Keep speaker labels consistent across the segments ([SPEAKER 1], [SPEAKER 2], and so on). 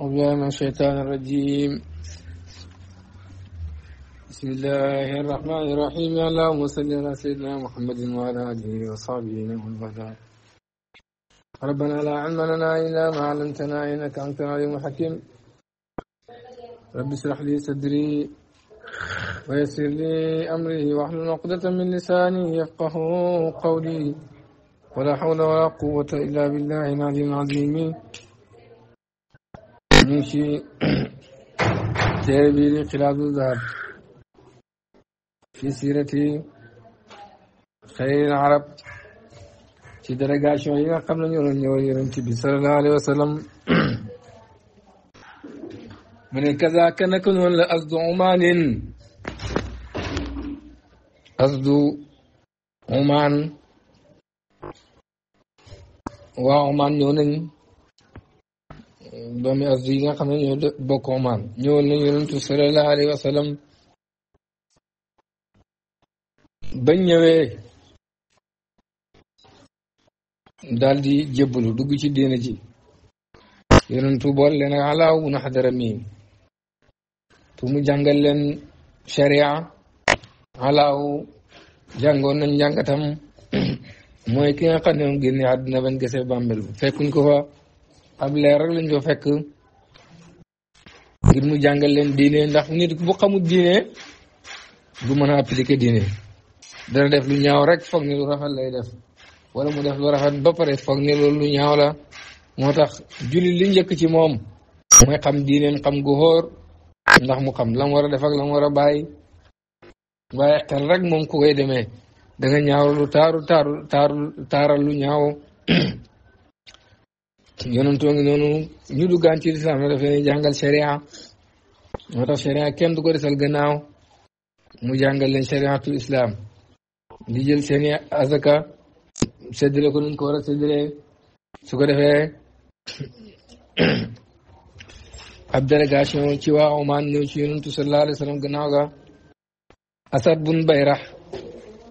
[SPEAKER 1] أعوذ من الشيطان الرجيم بسم الله الرحمن الرحيم اللهم صل على سيدنا محمد وعلى آله وصحبه ومن والاه ربنا لا علم لنا إلا ما علمتنا إنك أنت العليم الحكيم رب اشرح لي صدري ويسر لي أمري واحلل عقدة من لساني يفقه قولي ولا حول ولا قوة إلا بالله العلي العظيم ñu ngi ci téere bi di Xilaadu Zahab fi siirati xayril arab ci délégation yi nga xam ne ñoo doon ñëwal yonent bi sallallahu alayhi wa sallam mu ne kazaaka naka noonu la asdu umaanin asdu umaan waa umaan ñëw nañ doomi Asdi yi nga xam ne ñoo bokk Oman ñëwal nañ yonentu sallallahu alayhi wa bañ ñëwee daal di jébbalu dugg ci diina ji yonentu bool leen ak alaaw bu na xadara mii pour mu jàngal leen sharia alaaw jàngoon mooy ki nga xam ne moom génne àdduna bañ gesee bàmmel bu fa ab leer rek lañ ko fekk ngir mu jàngal leen diine ndax nit bu xamul diine du mën a appliquer diine dana def lu ñaaw rek foog ne lu rafet lay def wala mu def lu rafet ba pare foog ne loolu lu ñaaw la moo tax jullit li njëkk ci moom mooy xam diineen xam gu ndax mu xam lam war a def ak lam war a bàyyi waaye xel rek moom ku koy demee da nga ñaaw lu taaral lu ñaaw yonentoo ngi ñu duggaan ci lislaam na dafee ne jàngal sharia moo tax kenn du ko desal gannaaw mu jàngal leen shariatul islam di jël seeni azaka séddale ko nuñ ko war a séddale su ko defee ab délégation ci waa Oman ñëw ci yonentu sallallahu alayhi wa sallam gannaaw ga Asad bun Bayrax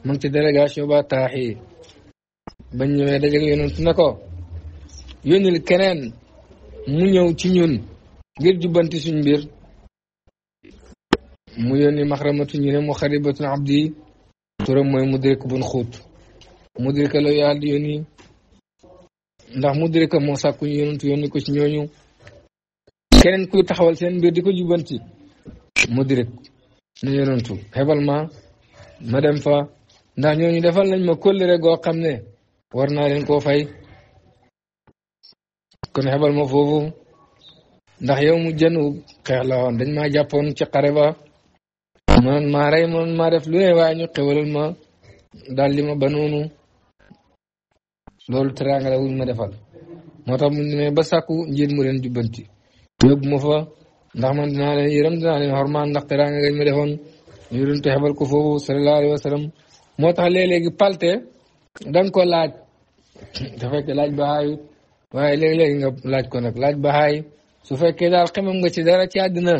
[SPEAKER 1] mu ngi ci délégation ba taaxi bañ ñëwee dajale yonentu na ko yónnil keneen mu ñëw ci ñun ngir jubbanti suñ mbir mu yónni maxramatu ñu ne mu xaribatun abdi turam mooy mudrika bun xuut mudrika la yàlla di yónni ndax mudrika moo sàkku ñu yónantu yónni ko ci ñooñu keneen kuy taxawal seen mbir di ko jubbanti mudrik ne yónantu xebal ma ma dem fa ndax ñooñu defal nañ ma kóllëre goo xam ne war naa leen koo fay kon xebal ma foofu ndax yow mu jënu xeex la woon dañ ma jàppoon ci xare ba man maa rey ma maa def lu ne waaye ñu ma daal ma ba noonu loolu teraanga la ma defal moo tax mu ne ba sàkku njiit mu leen jubbanti yóbbu ma fa ndax man dinaa leen yërëm dinaa leen xormaan ma defoon ñu doon te xebal ko foofu sallallahu alayhi wa moo tax léeg-léegi palte da nga ko laaj laaj ba xaayut waaye léeg-léeg laaj ko nag laaj baxaay su fekkee daal xamam nga ci dara ci àddina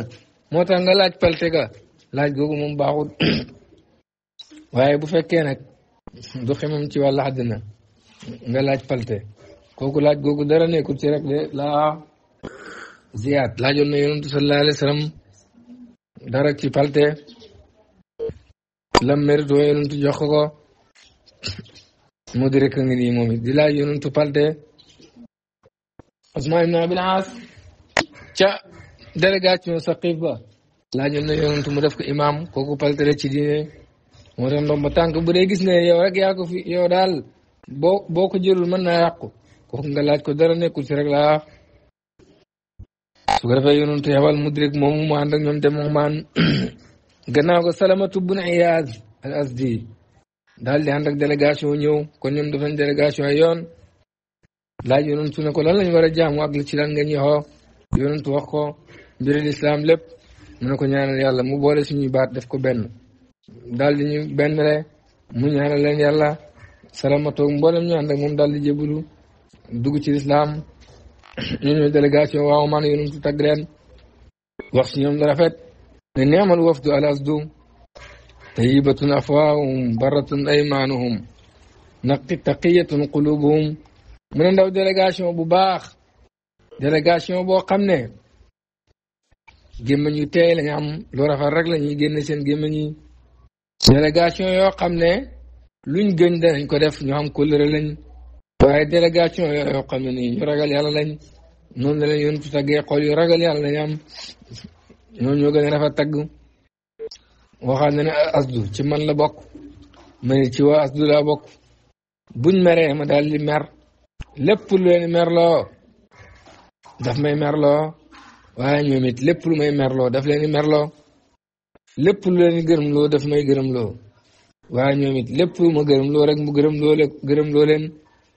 [SPEAKER 1] moo tax nga laaj palte ga laaj googu moom baaxul waaye bu fekkee nag du xamam ci wàllu àddina nga laaj palte kooku laaj googu dara nekkul ci rek de laa ziyaat laajoon na yonentu sallallahu alayhi wa sallam palte lam mérite yonentu jox ko ko mu di rek a ngi nii moom it di laaj yonentu palte Usmaan ibn Abil Aas ca délégation Saqiif ba laajoon na yonantu mu def ko imaam kooku paltere ci diine moo tax ndomba tànk ne yow rek yaa fi yow daal boo boo ko jëlul mën naa yàqu kooku ko dara nekkul si rek laa su ko defee yonantu mudrik moomu mu ànd ko Salamatu bun Iyaad al Asdi daal di ànd ak délégation ñëw kon ñoom def nañ délégation laaj yonentu ne ko lan lañ war a jaamu ak li ci lan nga ñuy xoo yonentu wax ko mbiri lislaam lépp mu ne ko ñaanal yàlla mu boole suñuy baat def ko benn daal di ñu benn mu ñaanal leen yàlla salamatoog mboolem ñu ànd ak moom daal di jébbalu dugg ci lislaam ñu ñooy délégation waaw man yonentu wax si ñoom la rafet ne neemal wafdu alasdu tayibatun afwaahum baratun aymanuhum naqi taqiyatun qulubuhum mu ne ndaw délégation bu baax délégation boo xam ne gémmiñ yu teey lañu am lu rafet rek la ñuy génne seen gémmañu yi délégation yoo xam ne luñ gën dañ ko def ñu am kóllëre lañ waaye délégation yoo xam ne nii ñu ragal yàlla lañ noonu la leen yoon tu taggee xool yu ragal yàlla lañ am ñoom ñoo gën a rafet tagg waxaan na ne asdu ci man la bokk ma ne ci waa asdu laa bokk buñ meree ma daal di mer lépp lu leen merloo daf may merloo waaye ñoom it lépp lu may merloo daf leen merloo lépp lu leen gërëm gërëmloo daf may gërëm gërëmloo waaye ñoom it lépp ma gërëm gërëmloo rek mu gërëm le gërëm gërëmloo leen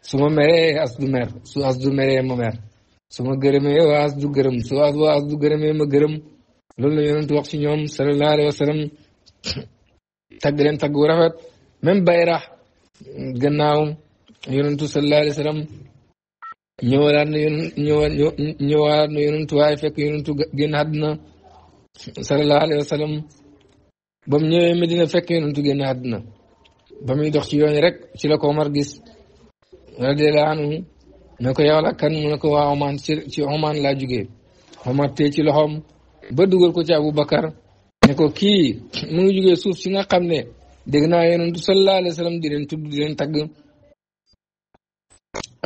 [SPEAKER 1] su ma meree as du mer su as du meree ma mer su ma gërëmee waa as du gërëm su as waa as du gërëmee ma gërëm loolu la yonent wax ci ñoom sallallahu alayhi wa sallam tagg leen tagg wu rafet même bayrax gannaawum yonentu sallallahu alayhi wa sallam ñëwalaat na yonent ñëwaat na yonentu waaye fekk yonentu génn àdduna sallallahu alayhi wa mu ñëwee Medina fekk yonentu génn àdduna ba muy dox ci yoon rek ci la ko Omar gis radiyallahu ko yow la kan ko waa ci ci Oman laa jugee Omar tee ci loxoom ba dugal ko ci Abu Bakar ne ko kii mu ngi jugee suuf si nga xam ne dégg naa yonentu sallallahu alayhi wa sallam di leen tudd di leen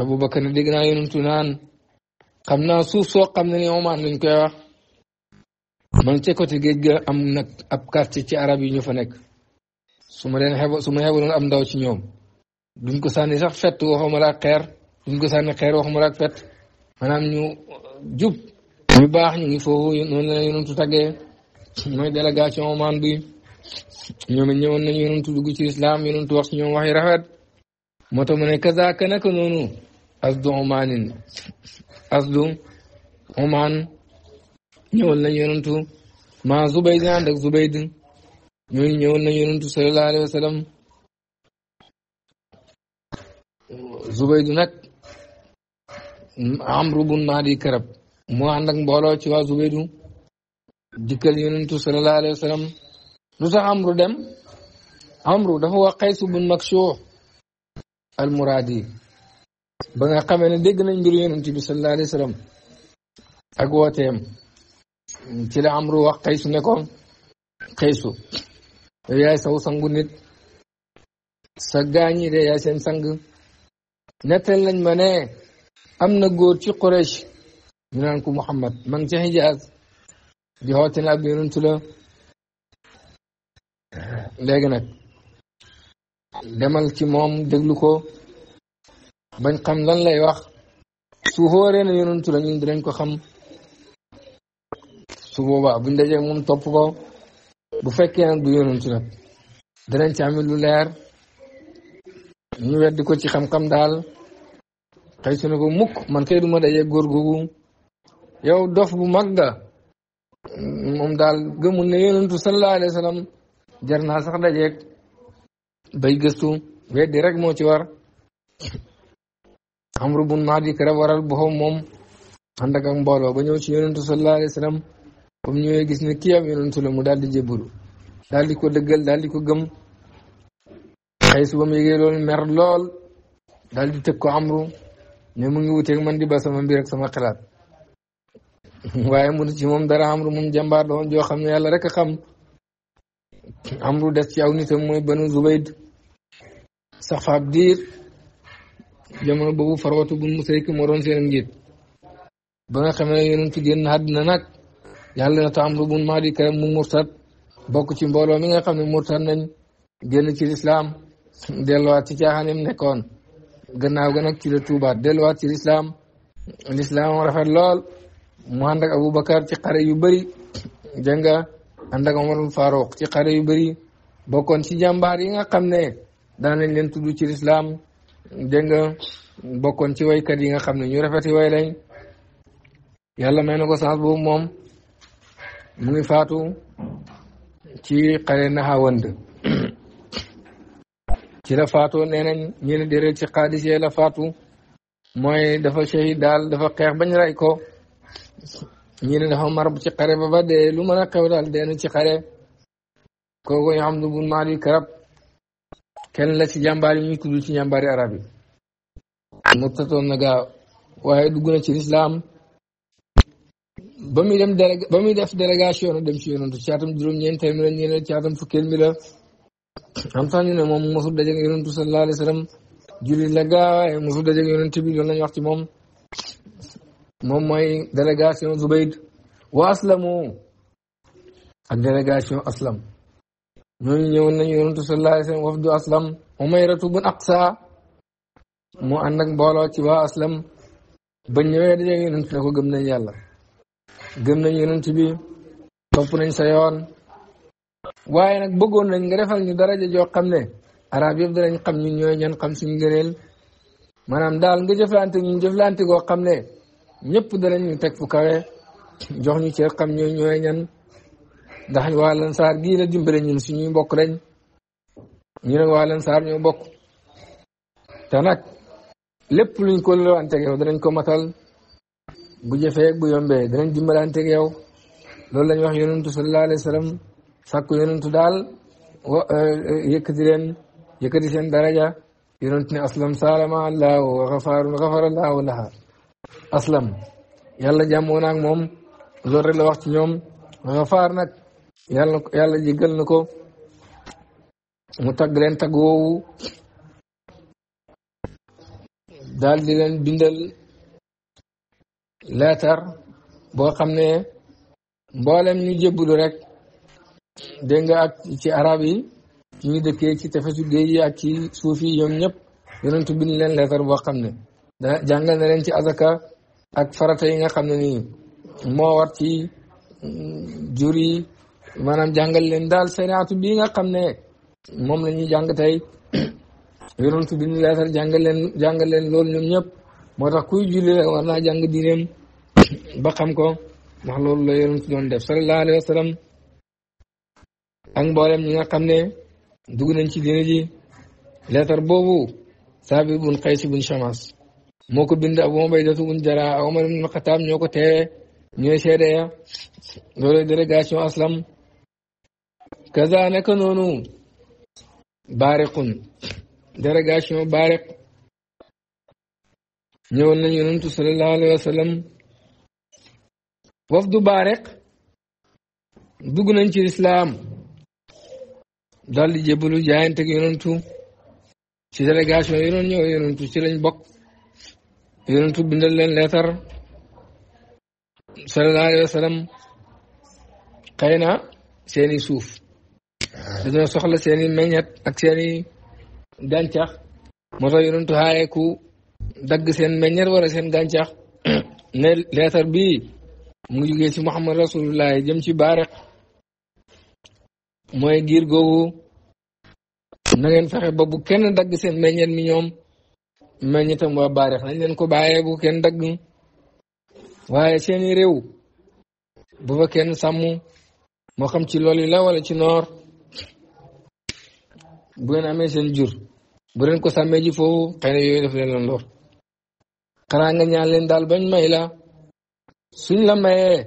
[SPEAKER 1] Abubakar dégg na yonentu naan xam naa suuf soo xam ne ni Oman lañ koy wax man ca côté géej ga am nag ab quartier ci arab yi ñu fa nekk su ma leen xebo su ma xebaloon am ndaw ci ñoom duñ ko sànni sax fett waxuma la ak xeer duñ ko sànni xeer waxuma la ak fett ñu uh, jub ñu baax ñu ngi foofu noonu la yonentu tàggee mooy délégation ñëwoon nañu yonentu dugg ci ñoom wax yi rafet moo tax ne kazaaka naka noonu asdu umaanin asdu umaan ñëwal nañ yonantu maa zubayd ànd ak zubayd ñooñu ñëwal nañ yonantu sallallahu alayhi wa sallam zubayd nag amru bun maadi karab moo ànd ak mbooloo ci waa zubaydu dikkal yonantu sallallahu alayhi wa sallam lu amru dem amru dafa wax qaysu bun makshuux al muraadi ba nga xamee ne dégg nañ mbiru yonent bi sallallahu alayhi ak wooteem ci la amru wax xaysu ne ko yaay saw sangu nit sa gaañi de yaay seen sang nettal nañ ma ne am na góor ci Quraysh ñu naan ko Muhammad ma ngi ci Hijaaz di na ab yonentu la léegi nag demal ci moom déglu ko bañ xam lan lay wax su xóoree na yonentu la ñun dinañ ko xam su boobaa buñ dajee moom topp ko bu fekkee nag du yonentu nag danañ ci amit lu leer ñu weddi ko ci xam-xam daal xëy su ne ko mukk man kay duma dajee góor googu yow dof bu mag ga moom daal gëmul na yonentu sallallahu alayhi jar naa sax dajeeg bay gëstu weddi rek moo ci war amru bun naadi kër waral boxam moom ànd ak mbooloo ba ñëw ci yonentu sallallahu alayhi wa sallam ñëwee gis ne kii am yonentu la mu daal di jébbalu daal di ko dëggal daal di ko gëm xëy su ba mu yëgee loolu mer lool daal di tëg ko amru ne mu ngi wuteeg man di ba sama mbir ak sama xalaat waaye mu ci moom dara amru moom jàmbaar la woon joo xam ne yàlla rek a xam amru des ci aw nitam mooy banu zubayd safaab diir jamono boobu farwatu bu musayk moo doon seen njiit ba nga xamee ci génn àddina nag yàlla na taamru bun mahdi karam mu murtat bokk ci mbooloo mi nga xam ne murtat nañ génn ci lislaam delluwaat ci caaxaanam nekkoon gannaaw ga nag ci la tuubaat delluwaat ci lislaam lislaam rafet lool mu ànd ak Aboubacar ci xare yu bari dégg nga ànd ak ci xare yu bëri bokkoon ci jàmbaar yi nga xam ne daan nañ leen tudd ci lislaam dégg nga bokkoon ci waykat yi nga xam ne ñu rafeti way lañ yàlla may na ko chance boobu moom mu ngi faatu ci xare naxawand ci la faatoo nee nañ ñu ne déedéet ci xaadisee la faatu mooy dafa shahid daal dafa xeex bañ rey ko ñu ne dafa mar ci xare ba ba dee lu mën a xew daal dee na ci xare ko ñu xam ne bun maali karab kenn la ci jàmbaar yi ñu tudd ci jàmbaari arab yi murtatoon na gaaw waaye dugg na ci islaam ba muy dem délé ba muy def délégation na dem ci yonantu caatam juróom-ñeenteel mi la ñeenteel la am tax ñu ne moom waaye mosul dajeeg yonantu bi loolu la ñu wax ci moom moom mooy délégation Zubayd wa aslamu ak délégation aslam. ñooñu ñëwoon nañu yonentu sallallahu alayhi wasallam wafdu aslam umayratu bun aqsa moo ànd ak mbooloo ci waa aslam ba ñëwee dajeeg yonentu ne ko gëm nañ yàlla gëm nañ yonent bi topp nañ sa yoon waaye nag bëggoon nañ nga defal ñu daraja joo xam ne arab yëpp danañ xam ñun ñooy ñan xam suñu gëneel maanaam daal nga jëflante ñun jëflante goo xam ne ñëpp danañ ñu teg fu kawe jox ñu cër xam ñooy ñooy ñan ndax waa lansaar gii la dimbale ñun suñuy mbokk lañ ñu ne waa lansaar ñoo bokk te nag lépp luñ ko lëwanteeg yow danañ ko matal bu jëfee bu yombee danañ dimbalanteeg yow loolu lañ wax yonentu sallallahu alayhi wa sallam sàkku yonentu daal wa euh, euh, yëkkati leen yëkkati daraja yonentu aslam salama allahu wa xafaarun xafara allahu laha aslam yàlla jàmmoo naag moom loolu rek la wax ci ñoom yàlla yàlla jéggal na ko mu tagg leen tagg woowu daal di leen bindal leetar boo xam ne mboolem ñu jébbalu rek dégg nga ak ci arab yi ñu dëkkee ci tefesu géej yi ak ci suuf yi ñoom ñëpp yonentu bind leen leetar boo xam ne dana jàngal na leen ci azaka ak farata yi nga xam ne nii moo war ci yi maanaam jàngal leen daal sariatu bii nga xam ne moom la ñuy jàng tey yonent bi ñu leetar jàngal leen jàngal leen loolu ñoom ñëpp moo tax kuy julli rek jàng diineem ba xam ko ndax loolu la yonent doon def mboolem ñi nga xam ne dugg nañ ci diine ji leetar boobu saabi bun xaysi bun chamas moo ko bind abu ubaydatu bun jaraa omar ibn xataab ñoo ko teewe ñooy seede ya loolu délégation aslam kaza naka noonu baariqun délégation baariq ñëwoon nañ yonentu sallallahu alayhi wa sallam wafdu baariq dugg nañ ci lislaam dal di jébbalu jaayante ak yonentu ci délégation yi doon ñëw yonentu ci lañ bokk yonentu bindal leen leetar sallallahu alayhi wa sallam xëy na seeni suuf dañoo soxla seeni i meññat ak seen i gàncax moo tax yonentu xaaree ku dagg seen meññat wala seen gàncax ne leetar bii mu ngi jógee ci Muhammad Rasulullah jëm ci Baariq mooy girgo googu na ngeen fexe ba bu kenn dagg seen meññet mi ñoom meññitam waa Baariq nañ leen ko bàyyee kenn dagg waaye seeni réew bu fa kenn sàmm moo xam ci loolu la wala ci noor bu ngeen amee seen jur bu leen ko sàmmee ji foofu xëy nga ñaan leen daal bañ may la suñ la mayee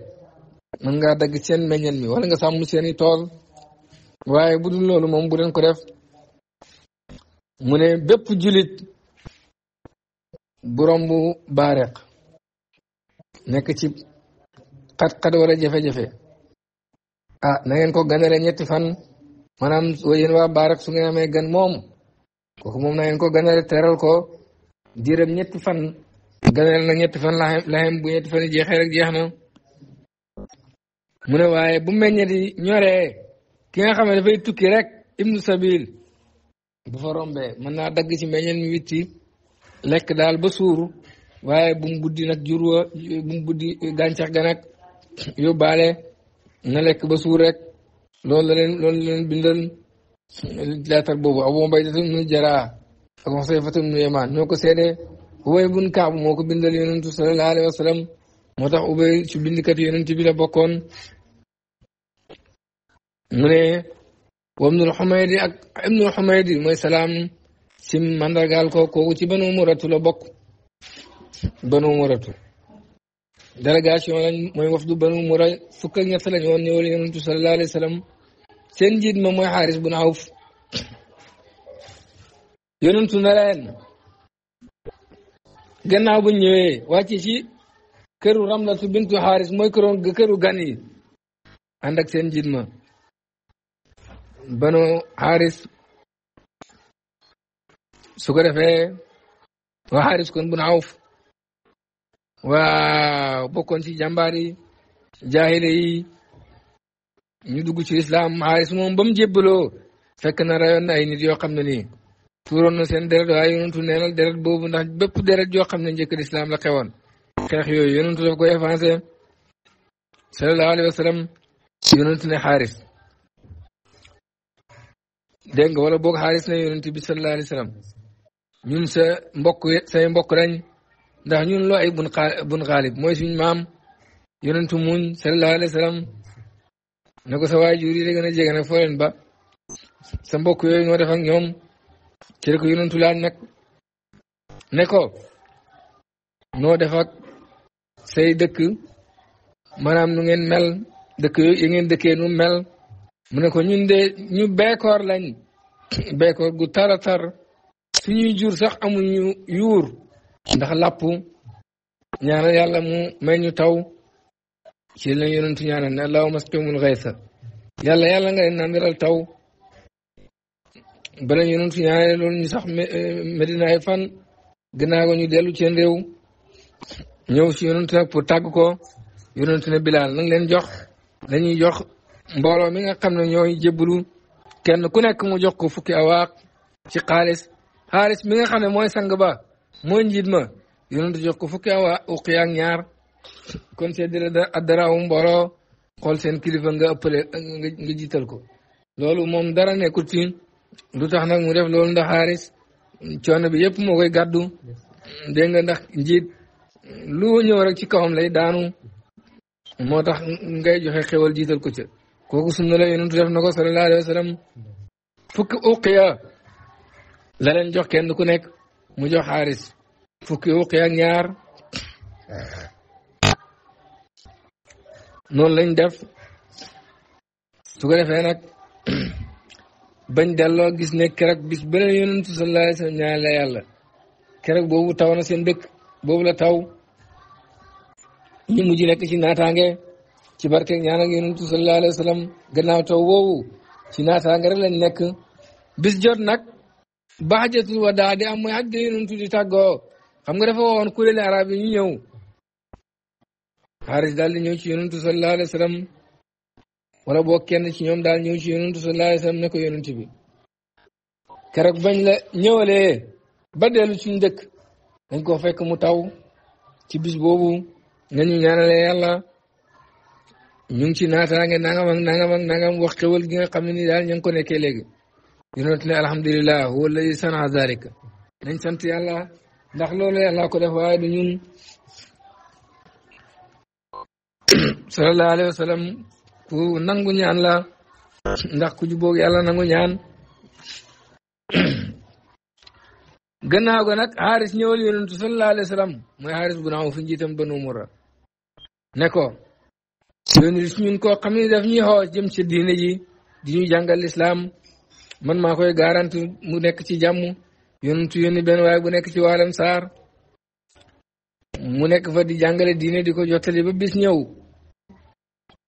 [SPEAKER 1] mën ngaa dagg seen meññeen mi wala nga sàmm seeni tool waaye bu dul loolu moom bu leen ko def mu ne bépp julit bu romb nekk ci xat-xat wala jafe-jafe ah na ngeen ko ganale ñetti fan. maanaam yéen waa Baarak su ngeen amee gan moom kooku moom na ngeen ko ganale teral ko diiram ñetti fan ganal na ñetti fan laxem bu ñetti fan jeexee rek jeex na ne waaye bu meññet yi ñoree ki nga xam dafay tukki rek ibnu sabil bu fa rombee mën naa dagg ci meññet mi witti lekk daal ba suur waaye bu mu nag jur bu mu buddi gàncax ga nag yóbbaale na lekk ba suur rek loolu la leen loolu la leen bindal leetar boobu Abu Ubayda ibnu Jarrah ak Xusayfa ibnu Yamaan ñoo ko seede Ubay bun Kaab moo ko bindal yonentu sallallahu alayhi wa sallam moo tax Ubay ci bindkat yonent bi la bokkoon mu ne wa ibnul Xumaydi ak ibnul Xumaydi mooy salaam ci mandargaal ko kooku ci Banu Murratu la bokk Banu Murratu délégation lañ mooy wafdu Banu Murra fukk ak ñett lañ woon ñëwal yonentu wa sallam seen njiit ma mooy xaaris bu na xawf yonentu na leen gannaaw bu ñëwee wàcc ci këru ramlatu bintu xaaris mooy këroon këru gan yi ànd ak seen njiit ma bano xaaris su ko defee waa xaaris kon bu na waa bokkoon ci jàmbaar yi yi ñu dugg ci lislaam xaaris moom ba mu jébbaloo fekk na rayoon na ay nit yoo xam ne nii tuuroon seen deret waaye yonentu neenal deret boobu ndax bépp deret yoo xam ne njëkk lislaam la xewoon xeex yooyu yonentu daf koy avancé sallallahu alayhi wa sallam ne xaaris dégg nga wala boog xaaris ne yonent bi sallallahu alayhi wa sallam ñun sa mbokk say mbokk lañ ndax ñun loo ay bun xaalib mooy suñ maam yonentu muñ sallallahu alayhi ne ko sa waajur yi da gën a jege ba sa mbokk yooyu noo def ak ñoom ci la ko yonantu laaj nag ne ko noo defak ak say dëkk maanaam nu ngeen mel dëkk yooyu yi ngeen dëkkee nu mel mu ne ko ñun de ñu beekoor lañ beekoor gu tara tar suñuy jur sax amuñu yuur ndax làpp ñaanal yàlla mu may ñu taw ci la yonent ñaanal ne allahumma asqihumul ghaytha yàlla yàlla nga leen nandiral taw bala yonent ñaanal loolu ñu sax eh, Medina ay fan gannaaw ñu dellu ci réew ñëw si yonent nag pour tàgg ko yonent ne Bilaal nang leen jox dañuy jox mbooloo mi nga xam ne ñooy jébbalu kenn ku nekk mu jox ko fukki awaaq ci xaalis xaalis mi nga xam ne mooy sang ba mooy njiit ma yonent jox ko fukki awaaq uqiya ak ñaar kon seddale addaraawu mbooloo xool seen kilifa nga ëppale nga jiital ko loolu moom dara nekkul ci lu tax nag mu def loolu ndax xaaris coono bi yépp moo koy gàddu dégg nga ndax jiit lu ñëw rek ci kawam lay daanu moo tax ngay joxe xewal jiital ko ca kooku sunna la yonentu def na ko sallallahu alayhi wa sallam fukki uqiya la jox kenn ku nekk mu jox xaaris fukki uqiya ak ñaar ah, noonu lañ def su ko defee nag bañ delloo gis ne kereeg bis beneen yonentu sallallahu alayhi wa sallam ñaan la yàlla keroog boobu taw na seen dëkk boobu la taw ñi mujj nekk ci naataange ci barke ñaan ak yonentu sallallahu alayhi wa taw boobu ci naataange rek lañ nekk bis jot nag baxjatul wadaa di am mooy aj ga yonentu di tàggoo xam nga dafa woon kuréeli arab yi ñu ñëw xaaris daal di ñëw ci yonentu sallallahu alayhi wa wala boo kenn ci ñoom daal ñëw ci yonentu sallallahu alayhi wa ne ko yonent bi keroog bañ la ñëwalee ba dellu suñu dëkk dañ ko fekk mu taw ci bis boobu ñu ñaanale yàlla ñu ngi ci naataange nangam ak nangam nanga nangam wax wal gi nga xam ne ni daal ñu ngi ko nekkee léegi yonent ne alhamdulilah huwa alladi sana zalika nañ sant yàlla ndax loolu yàlla ko def waaye du ñun sallallahu alayhi wa ku nangu ñaan la ndax ku jubóog yàlla nangu ñaan gannaaw ga nag xaaris ñëwal yonentu sallallahu alayhi wa sallam mooy xaaris bu naaw fi njiitam banu umura ne ko yónni si ñun koo xam ne daf ñuy xoos ci diine di ñu jàngal lislaam man maa koy garanti mu nekk ci jàmm yonentu yónni benn waaye bu nekk ci waalam saar mu nekk fa di jàngale diine di ko jottali ba bis ñëw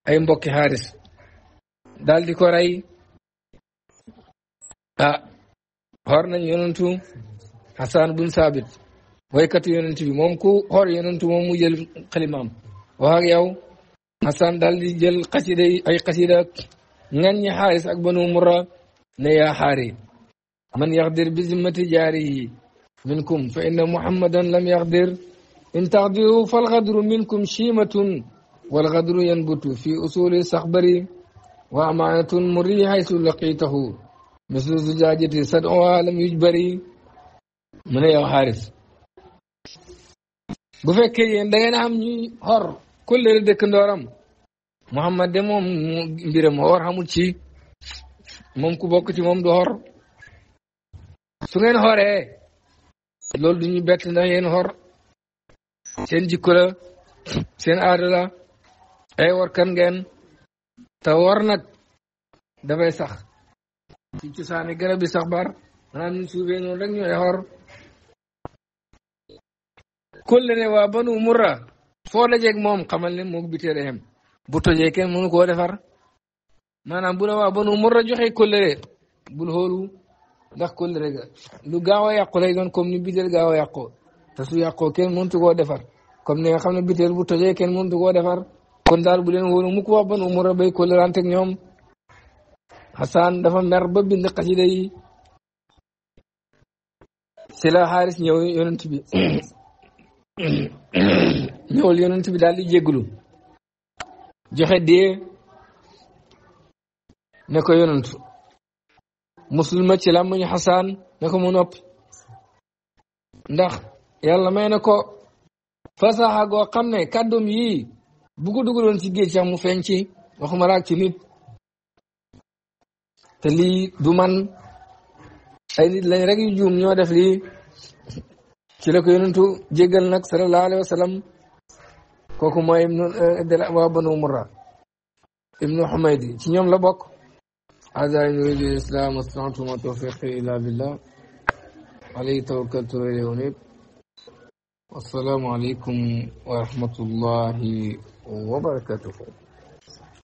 [SPEAKER 1] ay mbokki xaaris daal di ko rey ah xor nañ yonentu xasaan bun saabit waykatu yonent bi moom ku xor yonentu moom mu jël xalimaam wax ak yow xasaan daal di jël xasida ay xasida ngan ñi xaaris ak banu murra ne yaa xaari man yaxdir bi zimmati jaarihi minkum fa inna muhammadan lam yaxdir in taxdiru falxadru minkum chimatun wal xadru yanbutu fi usuli saxbari wa amaanatun muri haysu laqitahu mislu zujaajati sad'uha lam yujbari mu ne yow xaaris bu fekkee yéen da ngeen am ñuy xor kullere dëkk ndooram Muhammad de moom mbiram xor xamul ci moom ku bokk ci moom du xor su ngeen xoree loolu du ñu bett ndax yéen xor seen jikko seen aada ay war kan ngeen te war nag dafay sax ci cosaani garab yi sax bar maanaam ñun suufee noonu rek ñooy xor kulle ne waa banu murra foo dajeeg moom xamal ne moog bitee dahem bu tojee kenn mënu koo defar maanaam bu la waa banu murra joxe kóllëre bul xoolu ndax kóllëre le lu gaaw a yàqu lay doon comme ni biteel gaaw a yàqoo te su yàqoo kenn mëntu koo defar comme ni nga xam ne biteel bu tojee kenn mëntu koo defar kon daal bu leen wóolu mukk wax ban umura bay kóllërante ak ñoom xasaan dafa mer ba bind xasida yi si la xaaris bi ñëwal yonent bi daal di jégglu ne ko yonent musulma ci làmmiñu xasaan ne ko mu noppi ndax yàlla may na ko fasaxa goo xam ne yii bu ko dugaloon ci géej sax mu feeñ ci waxuma te lii du man ay nit lañ rek yu juum ñoo def lii ci la ko yonentu jéggal nag sallallahu alayhi wa sallam kooku mooy eh, waa murra ibnu xumaydi ci ñoom la bokk hada in uridu lislam wastanatu ma tawfiqi illa billah alayhi tawakkaltu wa ilayhi unib والسلام عليكم ورحمة الله 我不敢做。